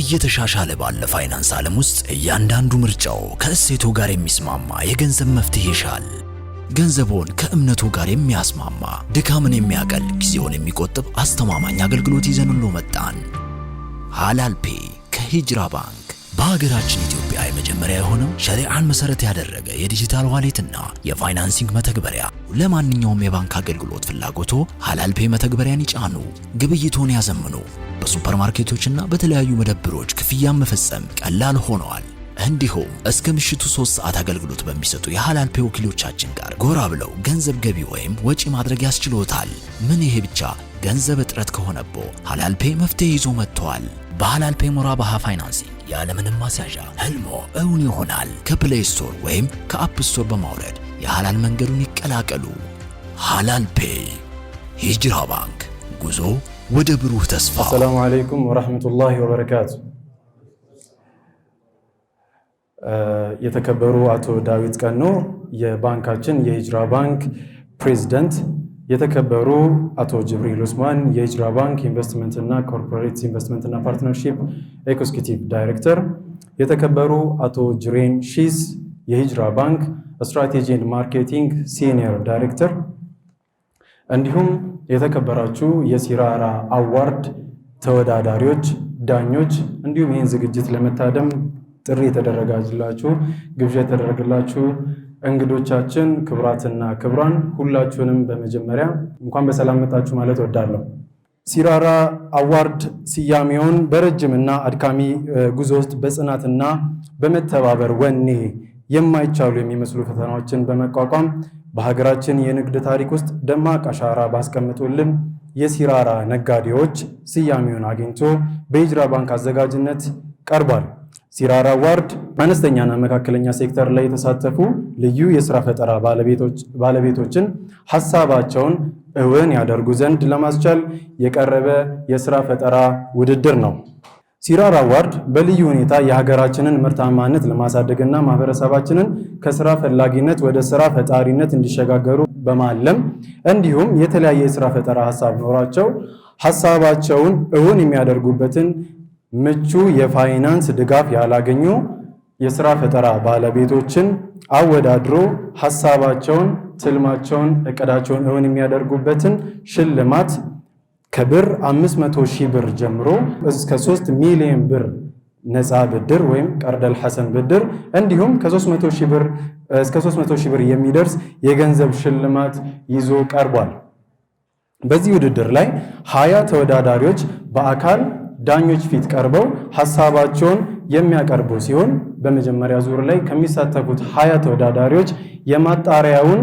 እየተሻሻለ ባለ ፋይናንስ ዓለም ውስጥ እያንዳንዱ ምርጫው ከእሴቱ ጋር የሚስማማ የገንዘብ መፍትሄ ይሻል። ገንዘቦን ከእምነቱ ጋር የሚያስማማ ድካምን የሚያቀል ጊዜውን የሚቆጥብ አስተማማኝ አገልግሎት ይዘንሎ መጣን። ሃላልፔ ከሂጅራ ባንክ በሀገራችን ኢትዮጵያ የመጀመሪያ የሆነው ሸሪዓን መሰረት ያደረገ የዲጂታል ዋሌትና የፋይናንሲንግ መተግበሪያ ለማንኛውም የባንክ አገልግሎት ፍላጎቶ ሀላልፔ መተግበሪያን ይጫኑ፣ ግብይቶን ያዘምኑ። በሱፐርማርኬቶችና በተለያዩ መደብሮች ክፍያን መፈጸም ቀላል ሆነዋል። እንዲሁም እስከ ምሽቱ ሶስት ሰዓት አገልግሎት በሚሰጡ የሀላልፔ ወኪሎቻችን ጋር ጎራ ብለው ገንዘብ ገቢ ወይም ወጪ ማድረግ ያስችሎታል። ምን ይሄ ብቻ! ገንዘብ እጥረት ከሆነቦ ሀላልፔ መፍትሄ ይዞ መጥተዋል። በሀላልፔ ሞራ ባሃ ፋይናንሲንግ ያለምንም ማስያዣ ህልሞ እውን ይሆናል። ከፕሌይ ስቶር ወይም ከአፕ ስቶር በማውረድ የሐላል መንገዱን ይቀላቀሉ። ሐላል ፔይ። ሂጅራ ባንክ ጉዞ ወደ ብሩህ ተስፋ። አሰላሙ አለይኩም ወረህመቱላሂ ወበረካቱ። የተከበሩ አቶ ዳዊት ቀኖ የባንካችን የሂጅራ ባንክ ፕሬዚደንት የተከበሩ አቶ ጅብሪል ኡስማን የሂጅራ ባንክ ኢንቨስትመንትና ኮርፖሬት ኢንቨስትመንትና ፓርትነርሺፕ ኤክስኪዩቲቭ ዳይሬክተር፣ የተከበሩ አቶ ጅሬን ሺስ የሂጅራ ባንክ ስትራቴጂ ኤንድ ማርኬቲንግ ሲኒየር ዳይሬክተር፣ እንዲሁም የተከበራችሁ የሲራራ አዋርድ ተወዳዳሪዎች፣ ዳኞች እንዲሁም ይህን ዝግጅት ለመታደም ጥሪ የተደረጋላችሁ ግብዣ የተደረገላችሁ እንግዶቻችን ክብራትና ክብራን ሁላችሁንም በመጀመሪያ እንኳን በሰላም መጣችሁ ማለት ወዳለሁ ሲራራ አዋርድ ስያሜውን በረጅምና አድካሚ ጉዞ ውስጥ በጽናትና በመተባበር ወኔ የማይቻሉ የሚመስሉ ፈተናዎችን በመቋቋም በሀገራችን የንግድ ታሪክ ውስጥ ደማቅ አሻራ ባስቀምጡልን የሲራራ ነጋዴዎች ስያሜውን አግኝቶ በሂጅራ ባንክ አዘጋጅነት ቀርቧል። ሲራራ አዋርድ አነስተኛና መካከለኛ ሴክተር ላይ የተሳተፉ ልዩ የስራ ፈጠራ ባለቤቶችን ሀሳባቸውን እውን ያደርጉ ዘንድ ለማስቻል የቀረበ የስራ ፈጠራ ውድድር ነው። ሲራራ አዋርድ በልዩ ሁኔታ የሀገራችንን ምርታማነት ለማሳደግና ማህበረሰባችንን ከስራ ፈላጊነት ወደ ስራ ፈጣሪነት እንዲሸጋገሩ በማለም እንዲሁም የተለያየ የስራ ፈጠራ ሀሳብ ኖሯቸው ሀሳባቸውን እውን የሚያደርጉበትን ምቹ የፋይናንስ ድጋፍ ያላገኙ የሥራ ፈጠራ ባለቤቶችን አወዳድሮ ሐሳባቸውን፣ ትልማቸውን፣ እቅዳቸውን እውን የሚያደርጉበትን ሽልማት ከብር 500 ሺህ ብር ጀምሮ እስከ 3 ሚሊዮን ብር ነፃ ብድር ወይም ቀርደል ሐሰን ብድር እንዲሁም ከ300 ሺህ ብር እስከ 300 ሺህ ብር የሚደርስ የገንዘብ ሽልማት ይዞ ቀርቧል። በዚህ ውድድር ላይ ሀያ ተወዳዳሪዎች በአካል ዳኞች ፊት ቀርበው ሀሳባቸውን የሚያቀርቡ ሲሆን በመጀመሪያ ዙር ላይ ከሚሳተፉት ሀያ ተወዳዳሪዎች የማጣሪያውን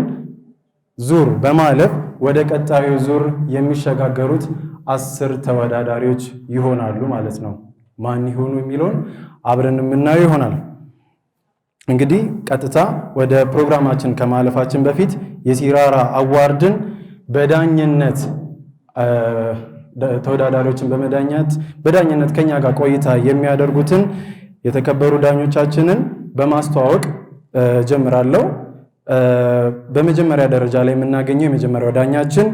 ዙር በማለፍ ወደ ቀጣዩ ዙር የሚሸጋገሩት አስር ተወዳዳሪዎች ይሆናሉ ማለት ነው። ማን ይሆኑ የሚለውን አብረን የምናየው ይሆናል። እንግዲህ ቀጥታ ወደ ፕሮግራማችን ከማለፋችን በፊት የሲራራ አዋርድን በዳኝነት ተወዳዳሪዎችን በመዳኛት በዳኝነት ከኛ ጋር ቆይታ የሚያደርጉትን የተከበሩ ዳኞቻችንን በማስተዋወቅ ጀምራለሁ። በመጀመሪያ ደረጃ ላይ የምናገኘው የመጀመሪያው ዳኛችን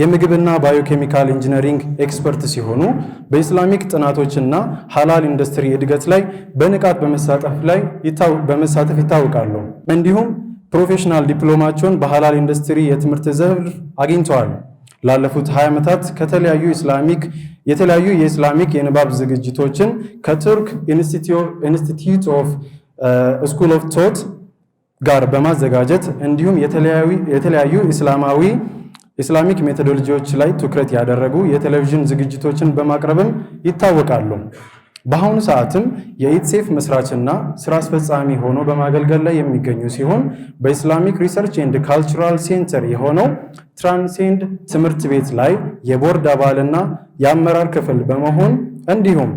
የምግብና ባዮኬሚካል ኢንጂነሪንግ ኤክስፐርት ሲሆኑ በኢስላሚክ ጥናቶችና ሀላል ኢንዱስትሪ እድገት ላይ በንቃት በመሳተፍ ይታወቃሉ። እንዲሁም ፕሮፌሽናል ዲፕሎማቸውን በሀላል ኢንዱስትሪ የትምህርት ዘርፍ አግኝተዋል። ላለፉት 20 ዓመታት ከተለያዩ ኢስላሚክ የተለያዩ የኢስላሚክ የንባብ ዝግጅቶችን ከቱርክ ኢንስቲትዩት ኦፍ ስኩል ኦፍ ቶት ጋር በማዘጋጀት እንዲሁም የተለያዩ ኢስላማዊ ኢስላሚክ ሜቶዶሎጂዎች ላይ ትኩረት ያደረጉ የቴሌቪዥን ዝግጅቶችን በማቅረብም ይታወቃሉ። በአሁኑ ሰዓትም የኢትሴፍ መስራችና ስራ አስፈጻሚ ሆኖ በማገልገል ላይ የሚገኙ ሲሆን በኢስላሚክ ሪሰርች ኤንድ ካልቸራል ሴንተር የሆነው ትራንሴንድ ትምህርት ቤት ላይ የቦርድ አባልና የአመራር ክፍል በመሆን እንዲሁም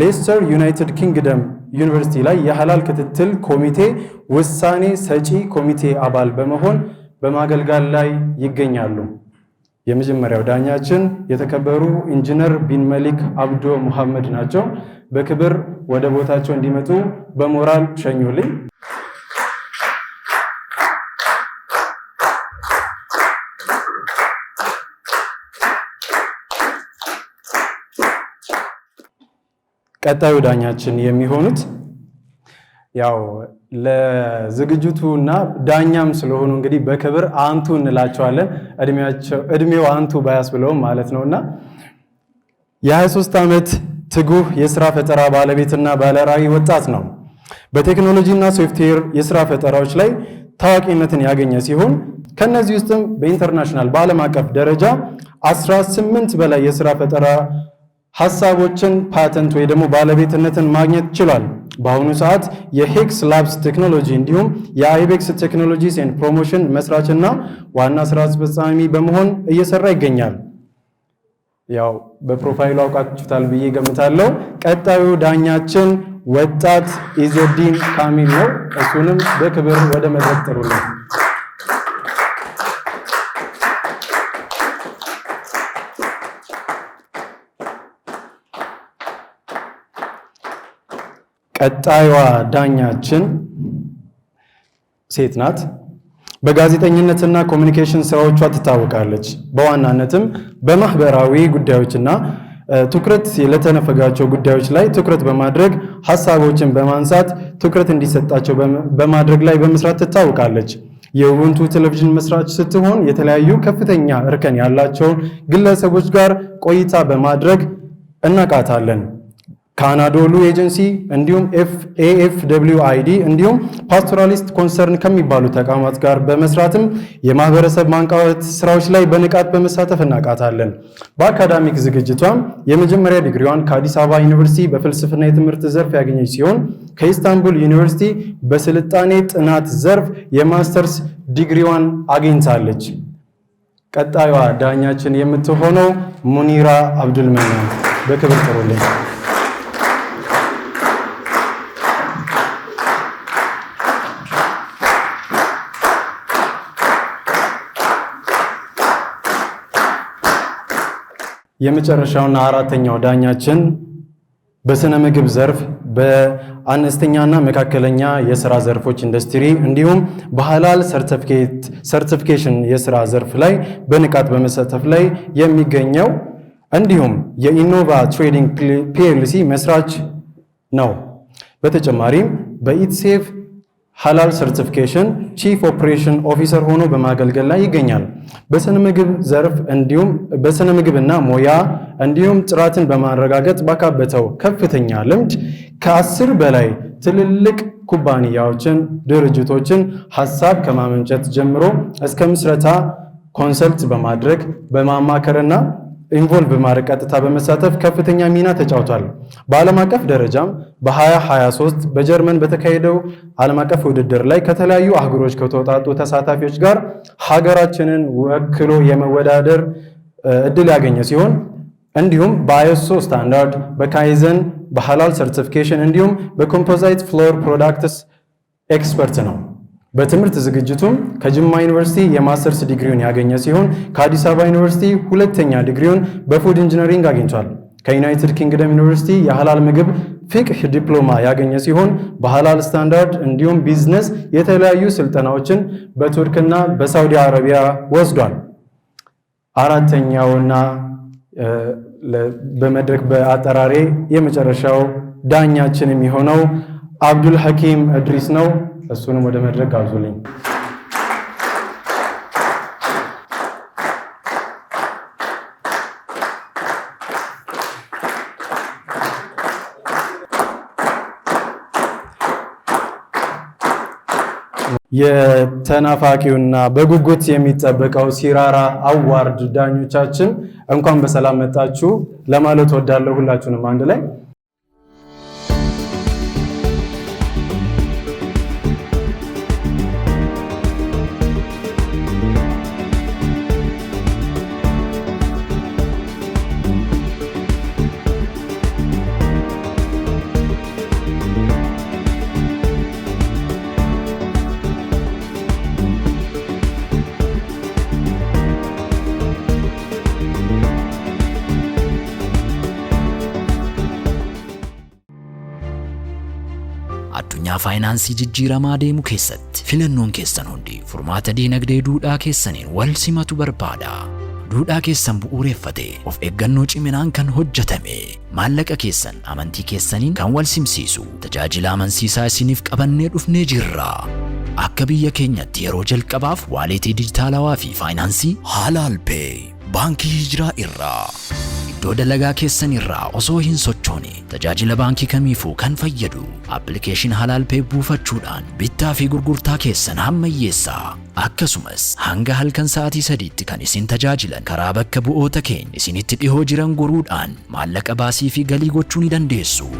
ሌስተር ዩናይትድ ኪንግደም ዩኒቨርሲቲ ላይ የሐላል ክትትል ኮሚቴ ውሳኔ ሰጪ ኮሚቴ አባል በመሆን በማገልጋል ላይ ይገኛሉ። የመጀመሪያው ዳኛችን የተከበሩ ኢንጂነር ቢን መሊክ አብዶ ሙሐመድ ናቸው። በክብር ወደ ቦታቸው እንዲመጡ በሞራል ሸኙልኝ። ቀጣዩ ዳኛችን የሚሆኑት ያው ለዝግጅቱ እና ዳኛም ስለሆኑ እንግዲህ በክብር አንቱ እንላቸዋለን። እድሜው አንቱ ባያስ ብለውም ማለት እና የ23 ዓመት ትጉህ የስራ ፈጠራ ባለቤትና ባለራዕይ ወጣት ነው። በቴክኖሎጂ እና ሶፍትዌር የስራ ፈጠራዎች ላይ ታዋቂነትን ያገኘ ሲሆን ከነዚህ ውስጥም በኢንተርናሽናል በዓለም አቀፍ ደረጃ 18 በላይ የስራ ፈጠራ ሀሳቦችን ፓተንት ወይ ደግሞ ባለቤትነትን ማግኘት ችሏል። በአሁኑ ሰዓት የሄክስ ላብስ ቴክኖሎጂ እንዲሁም የአይቤክስ ቴክኖሎጂስ ኤንድ ፕሮሞሽን መስራችና ዋና ስራ አስፈጻሚ በመሆን እየሰራ ይገኛል። ያው በፕሮፋይሉ አውቃችሁታል ብዬ ገምታለሁ። ቀጣዩ ዳኛችን ወጣት ኢዘዲን ካሚል ነው። እሱንም በክብር ወደ መድረክ ጥሩልን። ቀጣይዋ ዳኛችን ሴት ናት። በጋዜጠኝነትና ኮሚኒኬሽን ስራዎቿ ትታወቃለች። በዋናነትም በማህበራዊ ጉዳዮችና ትኩረት ለተነፈጋቸው ጉዳዮች ላይ ትኩረት በማድረግ ሀሳቦችን በማንሳት ትኩረት እንዲሰጣቸው በማድረግ ላይ በመስራት ትታወቃለች። የኡቡንቱ ቴሌቪዥን መስራች ስትሆን የተለያዩ ከፍተኛ እርከን ያላቸውን ግለሰቦች ጋር ቆይታ በማድረግ እናቃታለን። ከአናዶሉ ኤጀንሲ እንዲሁም ኤኤፍ እንዲሁም ፓስቶራሊስት ኮንሰርን ከሚባሉ ተቋማት ጋር በመስራትም የማህበረሰብ ማንቃወት ስራዎች ላይ በንቃት በመሳተፍ እናውቃታለን። በአካዳሚክ ዝግጅቷም የመጀመሪያ ዲግሪዋን ከአዲስ አበባ ዩኒቨርሲቲ በፍልስፍና የትምህርት ዘርፍ ያገኘች ሲሆን ከኢስታንቡል ዩኒቨርሲቲ በስልጣኔ ጥናት ዘርፍ የማስተርስ ዲግሪዋን አግኝታለች። ቀጣዩዋ ዳኛችን የምትሆነው ሙኒራ አብዱልመናን በክብር ጥሩልኝ። የመጨረሻውና አራተኛው ዳኛችን በስነ ምግብ ዘርፍ በአነስተኛና መካከለኛ የስራ ዘርፎች ኢንዱስትሪ እንዲሁም በሐላል ሰርቲፊኬሽን የስራ ዘርፍ ላይ በንቃት በመሳተፍ ላይ የሚገኘው እንዲሁም የኢኖቫ ትሬዲንግ ፒኤልሲ መስራች ነው። በተጨማሪም በኢትሴፍ ሃላል ሰርቲፊኬሽን ቺፍ ኦፕሬሽን ኦፊሰር ሆኖ በማገልገል ላይ ይገኛል። በስነ ምግብ ዘርፍ እንዲሁም በስነ ምግብና ሙያ እንዲሁም ጥራትን በማረጋገጥ ባካበተው ከፍተኛ ልምድ ከአስር በላይ ትልልቅ ኩባንያዎችን፣ ድርጅቶችን ሀሳብ ከማመንጨት ጀምሮ እስከ ምስረታ ኮንሰልት በማድረግ በማማከርና ኢንቮልቭ ማድረግ ቀጥታ በመሳተፍ ከፍተኛ ሚና ተጫውቷል። በዓለም አቀፍ ደረጃም በ2023 በጀርመን በተካሄደው ዓለም አቀፍ ውድድር ላይ ከተለያዩ አህጉሮች ከተውጣጡ ተሳታፊዎች ጋር ሀገራችንን ወክሎ የመወዳደር እድል ያገኘ ሲሆን እንዲሁም በአይሶ ስታንዳርድ፣ በካይዘን፣ በሀላል ሰርቲፊኬሽን እንዲሁም በኮምፖዛይት ፍሎር ፕሮዳክትስ ኤክስፐርት ነው። በትምህርት ዝግጅቱም ከጅማ ዩኒቨርሲቲ የማስተርስ ዲግሪውን ያገኘ ሲሆን ከአዲስ አበባ ዩኒቨርሲቲ ሁለተኛ ዲግሪውን በፉድ ኢንጂነሪንግ አግኝቷል። ከዩናይትድ ኪንግደም ዩኒቨርሲቲ የሀላል ምግብ ፊቅህ ዲፕሎማ ያገኘ ሲሆን በሀላል ስታንዳርድ እንዲሁም ቢዝነስ የተለያዩ ስልጠናዎችን በቱርክና በሳውዲ አረቢያ ወስዷል። አራተኛውና በመድረክ በአጠራሬ የመጨረሻው ዳኛችን የሚሆነው አብዱል ሐኪም እድሪስ ነው። እሱንም ወደ መድረክ ጋብዙልኝ። የተናፋቂውና በጉጉት የሚጠበቀው ሲራራ አዋርድ ዳኞቻችን እንኳን በሰላም መጣችሁ ለማለት ወዳለሁ። ሁላችሁንም አንድ ላይ Finaansii jijjiiramaa deemu keessatti filannoon keessan hundi furmaata diinagdee duudhaa keessaniin wal simatu barbaada. Duudhaa keessan bu'uureffate of eeggannoo ciminaan kan hojjetame maallaqa keessan amantii keessaniin kan wal simsiisu tajaajila amansiisaa isiniif qabannee dhufnee jirra. Akka biyya keenyatti yeroo jalqabaaf waaleetii dijitaalawaa fi faayinaansii haalaalpee baankii Hijiraa irraa. iddoo dalagaa keessan irraa osoo hin sochoone tajaajila baankii kamiifuu kan fayyadu aappilikeeshin halaalpee buufachuudhaan bittaa fi gurgurtaa keessan hammayyeessaa. Akkasumas hanga halkan sa'aatii sadiitti kan isin tajaajilan karaa bakka bu'oota keenya isinitti dhihoo jiran goruudhaan maallaqa baasii fi galii gochuu ni dandeessu.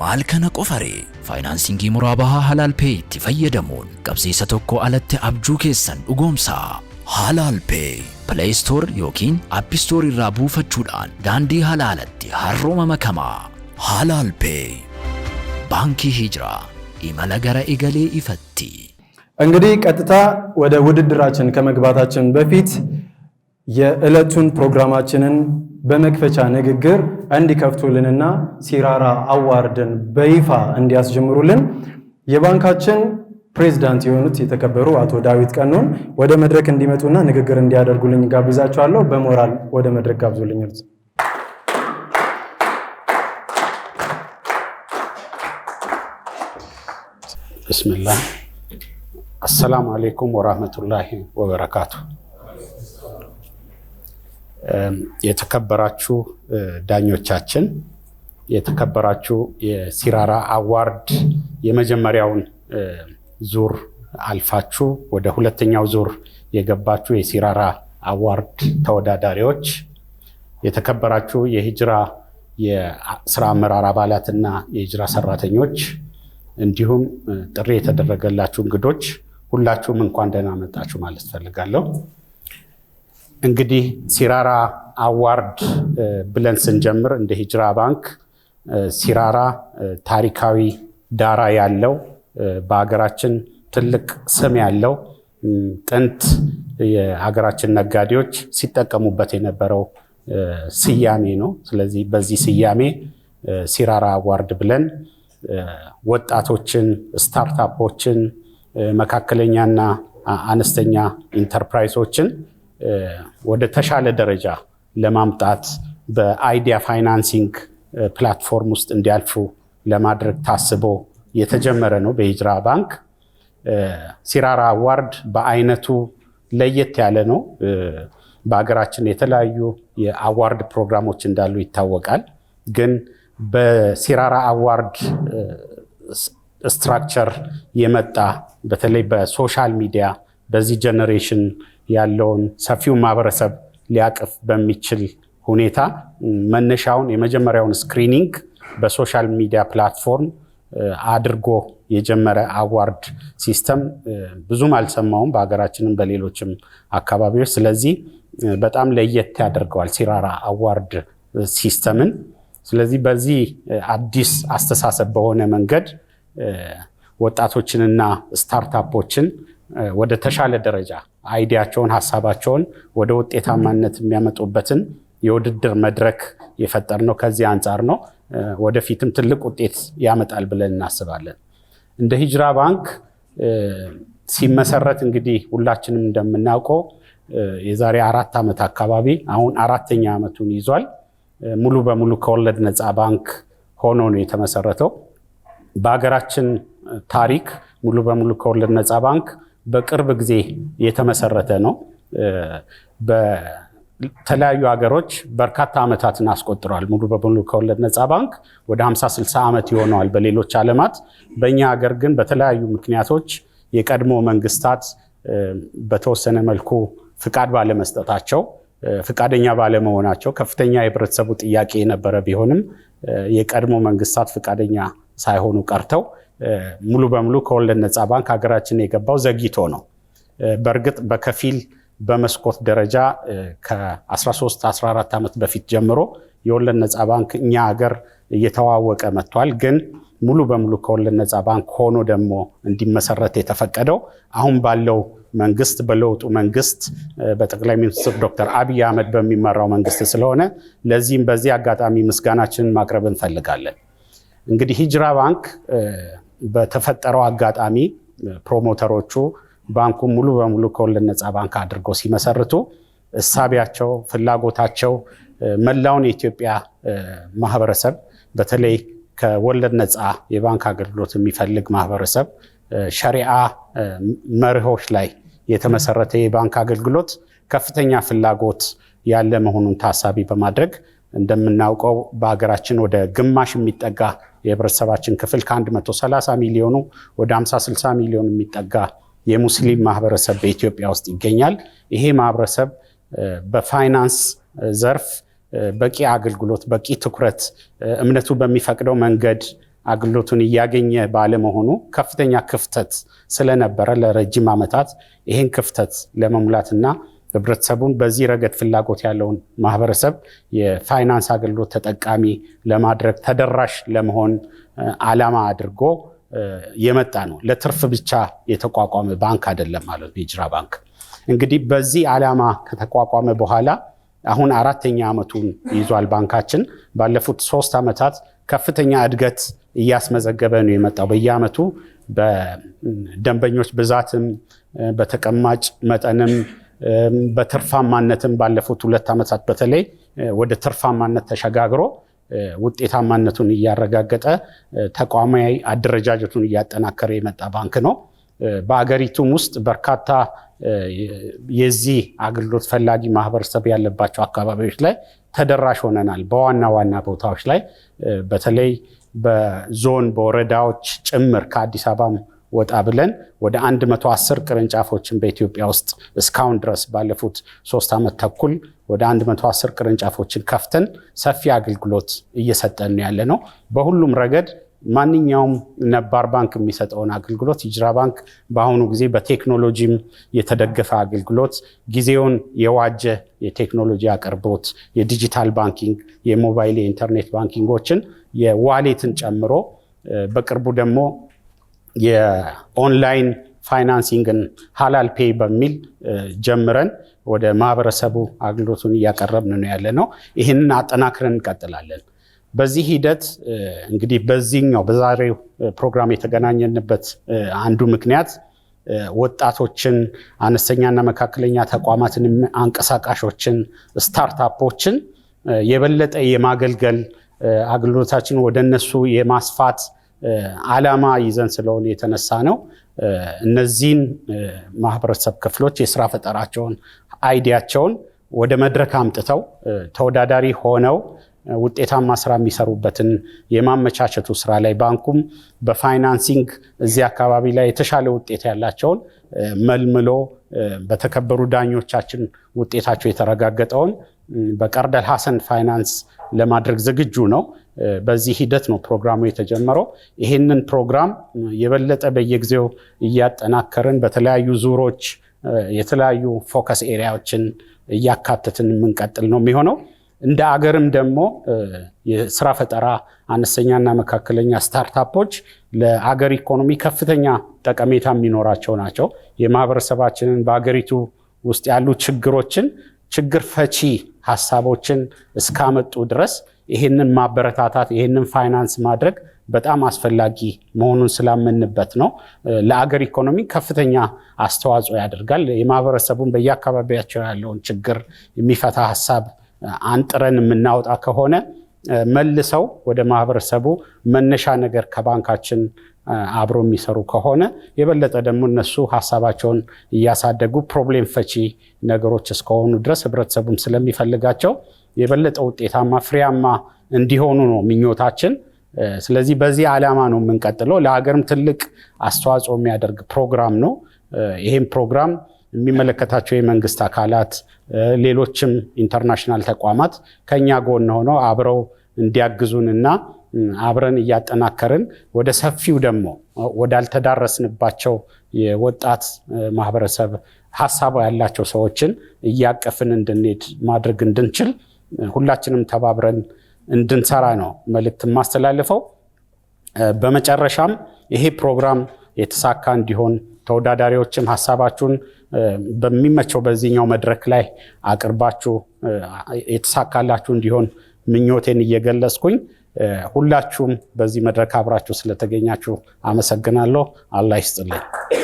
Maal kana qofaree faayinaansiingii muraabahaa halaalpeeyitti fayyadamuun qabsiisa tokko alatti abjuu keessan dhugoomsaa halaalpee. ፕሌይ ስቶር ዮኪን አፕ ስቶር ይራ ዳንዲ ሃላለቲ ሃሮማ መከማ ሃላል ፔይ ባንኪ ሂጅራ ኢመለገረ ኢገሌ ይፈቲ። እንግዲህ ቀጥታ ወደ ውድድራችን ከመግባታችን በፊት የዕለቱን ፕሮግራማችንን በመክፈቻ ንግግር እንዲከፍቱልንና ሲራራ አዋርድን በይፋ እንዲያስጀምሩልን የባንካችን ፕሬዝዳንት የሆኑት የተከበሩ አቶ ዳዊት ቀኖን ወደ መድረክ እንዲመጡና ንግግር እንዲያደርጉልኝ ጋብዛቸዋለሁ። በሞራል ወደ መድረክ ጋብዙልኝ። ብስምላ አሰላሙ አሌይኩም ወራህመቱላሂ ወበረካቱ። የተከበራችሁ ዳኞቻችን፣ የተከበራችሁ የሲራራ አዋርድ የመጀመሪያውን ዙር አልፋችሁ ወደ ሁለተኛው ዙር የገባችሁ የሲራራ አዋርድ ተወዳዳሪዎች፣ የተከበራችሁ የሂጅራ የስራ አመራር አባላትና የሂጅራ ሰራተኞች፣ እንዲሁም ጥሪ የተደረገላችሁ እንግዶች ሁላችሁም እንኳን ደህና መጣችሁ ማለት ፈልጋለሁ። እንግዲህ ሲራራ አዋርድ ብለን ስንጀምር እንደ ሂጅራ ባንክ ሲራራ ታሪካዊ ዳራ ያለው በሀገራችን ትልቅ ስም ያለው ጥንት የሀገራችን ነጋዴዎች ሲጠቀሙበት የነበረው ስያሜ ነው። ስለዚህ በዚህ ስያሜ ሲራራ አዋርድ ብለን ወጣቶችን፣ ስታርታፖችን፣ መካከለኛና አነስተኛ ኢንተርፕራይሶችን ወደ ተሻለ ደረጃ ለማምጣት በአይዲያ ፋይናንሲንግ ፕላትፎርም ውስጥ እንዲያልፉ ለማድረግ ታስቦ የተጀመረ ነው በሂጅራ ባንክ። ሲራራ አዋርድ በአይነቱ ለየት ያለ ነው። በሀገራችን የተለያዩ የአዋርድ ፕሮግራሞች እንዳሉ ይታወቃል። ግን በሲራራ አዋርድ ስትራክቸር የመጣ በተለይ በሶሻል ሚዲያ በዚህ ጀኔሬሽን ያለውን ሰፊው ማህበረሰብ ሊያቅፍ በሚችል ሁኔታ መነሻውን የመጀመሪያውን ስክሪኒንግ በሶሻል ሚዲያ ፕላትፎርም አድርጎ የጀመረ አዋርድ ሲስተም ብዙም አልሰማውም በሀገራችንም በሌሎችም አካባቢዎች። ስለዚህ በጣም ለየት ያደርገዋል ሲራራ አዋርድ ሲስተምን። ስለዚህ በዚህ አዲስ አስተሳሰብ በሆነ መንገድ ወጣቶችንና ስታርታፖችን ወደ ተሻለ ደረጃ አይዲያቸውን፣ ሀሳባቸውን ወደ ውጤታማነት የሚያመጡበትን የውድድር መድረክ የፈጠር ነው። ከዚህ አንጻር ነው ወደፊትም ትልቅ ውጤት ያመጣል ብለን እናስባለን። እንደ ሂጅራ ባንክ ሲመሰረት እንግዲህ ሁላችንም እንደምናውቀው የዛሬ አራት ዓመት አካባቢ አሁን አራተኛ ዓመቱን ይዟል። ሙሉ በሙሉ ከወለድ ነፃ ባንክ ሆኖ ነው የተመሰረተው። በሀገራችን ታሪክ ሙሉ በሙሉ ከወለድ ነፃ ባንክ በቅርብ ጊዜ የተመሰረተ ነው። ተለያዩ ሀገሮች በርካታ ዓመታትን አስቆጥረዋል። ሙሉ በሙሉ ከወለድ ነፃ ባንክ ወደ 50 60 ዓመት ይሆነዋል በሌሎች ዓለማት። በእኛ ሀገር ግን በተለያዩ ምክንያቶች የቀድሞ መንግስታት በተወሰነ መልኩ ፍቃድ ባለመስጠታቸው፣ ፍቃደኛ ባለመሆናቸው ከፍተኛ የህብረተሰቡ ጥያቄ የነበረ ቢሆንም የቀድሞ መንግስታት ፍቃደኛ ሳይሆኑ ቀርተው ሙሉ በሙሉ ከወለድ ነፃ ባንክ ሀገራችን የገባው ዘግይቶ ነው። በእርግጥ በከፊል በመስኮት ደረጃ ከ13 14 ዓመት በፊት ጀምሮ የወለድ ነፃ ባንክ እኛ ሀገር እየተዋወቀ መጥቷል። ግን ሙሉ በሙሉ ከወለድ ነፃ ባንክ ሆኖ ደግሞ እንዲመሰረት የተፈቀደው አሁን ባለው መንግስት በለውጡ መንግስት በጠቅላይ ሚኒስትር ዶክተር አብይ አህመድ በሚመራው መንግስት ስለሆነ ለዚህም በዚህ አጋጣሚ ምስጋናችንን ማቅረብ እንፈልጋለን። እንግዲህ ሂጅራ ባንክ በተፈጠረው አጋጣሚ ፕሮሞተሮቹ ባንኩን ሙሉ በሙሉ ከወለድ ነፃ ባንክ አድርጎ ሲመሰርቱ እሳቢያቸው፣ ፍላጎታቸው መላውን የኢትዮጵያ ማህበረሰብ በተለይ ከወለድ ነፃ የባንክ አገልግሎት የሚፈልግ ማህበረሰብ ሸሪአ መርሆች ላይ የተመሰረተ የባንክ አገልግሎት ከፍተኛ ፍላጎት ያለ መሆኑን ታሳቢ በማድረግ እንደምናውቀው በሀገራችን ወደ ግማሽ የሚጠጋ የህብረተሰባችን ክፍል ከ130 ሚሊዮኑ ወደ 50 60 ሚሊዮን የሚጠጋ የሙስሊም ማህበረሰብ በኢትዮጵያ ውስጥ ይገኛል። ይሄ ማህበረሰብ በፋይናንስ ዘርፍ በቂ አገልግሎት፣ በቂ ትኩረት፣ እምነቱ በሚፈቅደው መንገድ አገልግሎቱን እያገኘ ባለመሆኑ ከፍተኛ ክፍተት ስለነበረ ለረጅም ዓመታት ይህን ክፍተት ለመሙላትና ህብረተሰቡን በዚህ ረገድ ፍላጎት ያለውን ማህበረሰብ የፋይናንስ አገልግሎት ተጠቃሚ ለማድረግ ተደራሽ ለመሆን ዓላማ አድርጎ የመጣ ነው። ለትርፍ ብቻ የተቋቋመ ባንክ አይደለም ማለት ነው የሂጅራ ባንክ። እንግዲህ በዚህ ዓላማ ከተቋቋመ በኋላ አሁን አራተኛ ዓመቱን ይዟል ባንካችን። ባለፉት ሶስት ዓመታት ከፍተኛ እድገት እያስመዘገበ ነው የመጣው። በየዓመቱ በደንበኞች ብዛትም፣ በተቀማጭ መጠንም፣ በትርፋማነትም ባለፉት ሁለት ዓመታት በተለይ ወደ ትርፋማነት ተሸጋግሮ ውጤታማነቱን እያረጋገጠ ተቋማዊ አደረጃጀቱን እያጠናከረ የመጣ ባንክ ነው። በአገሪቱም ውስጥ በርካታ የዚህ አገልግሎት ፈላጊ ማህበረሰብ ያለባቸው አካባቢዎች ላይ ተደራሽ ሆነናል። በዋና ዋና ቦታዎች ላይ በተለይ በዞን በወረዳዎች ጭምር ከአዲስ አበባ ወጣ ብለን ወደ 110 ቅርንጫፎችን በኢትዮጵያ ውስጥ እስካሁን ድረስ ባለፉት ሶስት ዓመት ተኩል ወደ 110 ቅርንጫፎችን ከፍተን ሰፊ አገልግሎት እየሰጠን ያለ ነው። በሁሉም ረገድ ማንኛውም ነባር ባንክ የሚሰጠውን አገልግሎት ሂጅራ ባንክ በአሁኑ ጊዜ በቴክኖሎጂም የተደገፈ አገልግሎት፣ ጊዜውን የዋጀ የቴክኖሎጂ አቅርቦት፣ የዲጂታል ባንኪንግ፣ የሞባይል የኢንተርኔት ባንኪንጎችን የዋሌትን ጨምሮ በቅርቡ ደግሞ የኦንላይን ፋይናንሲንግን ሀላል ፔይ በሚል ጀምረን ወደ ማህበረሰቡ አገልግሎቱን እያቀረብን ነው ያለ ነው። ይህንን አጠናክረን እንቀጥላለን። በዚህ ሂደት እንግዲህ በዚህኛው በዛሬው ፕሮግራም የተገናኘንበት አንዱ ምክንያት ወጣቶችን፣ አነስተኛና መካከለኛ ተቋማትን፣ አንቀሳቃሾችን፣ ስታርታፖችን የበለጠ የማገልገል አገልግሎታችን ወደ እነሱ የማስፋት ዓላማ ይዘን ስለሆነ የተነሳ ነው። እነዚህን ማህበረሰብ ክፍሎች የስራ ፈጠራቸውን አይዲያቸውን ወደ መድረክ አምጥተው ተወዳዳሪ ሆነው ውጤታማ ስራ የሚሰሩበትን የማመቻቸቱ ስራ ላይ ባንኩም በፋይናንሲንግ እዚህ አካባቢ ላይ የተሻለ ውጤት ያላቸውን መልምሎ በተከበሩ ዳኞቻችን ውጤታቸው የተረጋገጠውን በቀርደል ሀሰን ፋይናንስ ለማድረግ ዝግጁ ነው። በዚህ ሂደት ነው ፕሮግራሙ የተጀመረው። ይህንን ፕሮግራም የበለጠ በየጊዜው እያጠናከርን በተለያዩ ዙሮች የተለያዩ ፎከስ ኤሪያዎችን እያካተትን የምንቀጥል ነው የሚሆነው። እንደ አገርም ደግሞ የስራ ፈጠራ አነስተኛና መካከለኛ ስታርታፖች ለአገር ኢኮኖሚ ከፍተኛ ጠቀሜታ የሚኖራቸው ናቸው። የማህበረሰባችንን በአገሪቱ ውስጥ ያሉ ችግሮችን ችግር ፈቺ ሀሳቦችን እስካመጡ ድረስ ይህንን ማበረታታት ይህንን ፋይናንስ ማድረግ በጣም አስፈላጊ መሆኑን ስላመንበት ነው። ለአገር ኢኮኖሚ ከፍተኛ አስተዋጽኦ ያደርጋል። የማህበረሰቡን በየአካባቢያቸው ያለውን ችግር የሚፈታ ሀሳብ አንጥረን የምናወጣ ከሆነ መልሰው ወደ ማህበረሰቡ መነሻ ነገር ከባንካችን አብሮ የሚሰሩ ከሆነ የበለጠ ደግሞ እነሱ ሀሳባቸውን እያሳደጉ ፕሮብሌም ፈቺ ነገሮች እስከሆኑ ድረስ ህብረተሰቡም ስለሚፈልጋቸው የበለጠ ውጤታማ ፍሬያማ እንዲሆኑ ነው ምኞታችን። ስለዚህ በዚህ ዓላማ ነው የምንቀጥለው። ለሀገርም ትልቅ አስተዋጽኦ የሚያደርግ ፕሮግራም ነው። ይህም ፕሮግራም የሚመለከታቸው የመንግስት አካላት፣ ሌሎችም ኢንተርናሽናል ተቋማት ከኛ ጎን ሆነው አብረው እንዲያግዙን እና አብረን እያጠናከርን ወደ ሰፊው ደግሞ ወዳልተዳረስንባቸው የወጣት ማህበረሰብ ሀሳብ ያላቸው ሰዎችን እያቀፍን እንድንሄድ ማድረግ እንድንችል ሁላችንም ተባብረን እንድንሰራ ነው መልእክት የማስተላልፈው። በመጨረሻም ይሄ ፕሮግራም የተሳካ እንዲሆን ተወዳዳሪዎችም ሀሳባችሁን በሚመቸው በዚህኛው መድረክ ላይ አቅርባችሁ የተሳካላችሁ እንዲሆን ምኞቴን እየገለጽኩኝ ሁላችሁም በዚህ መድረክ አብራችሁ ስለተገኛችሁ አመሰግናለሁ። አላህ ይስጥልኝ።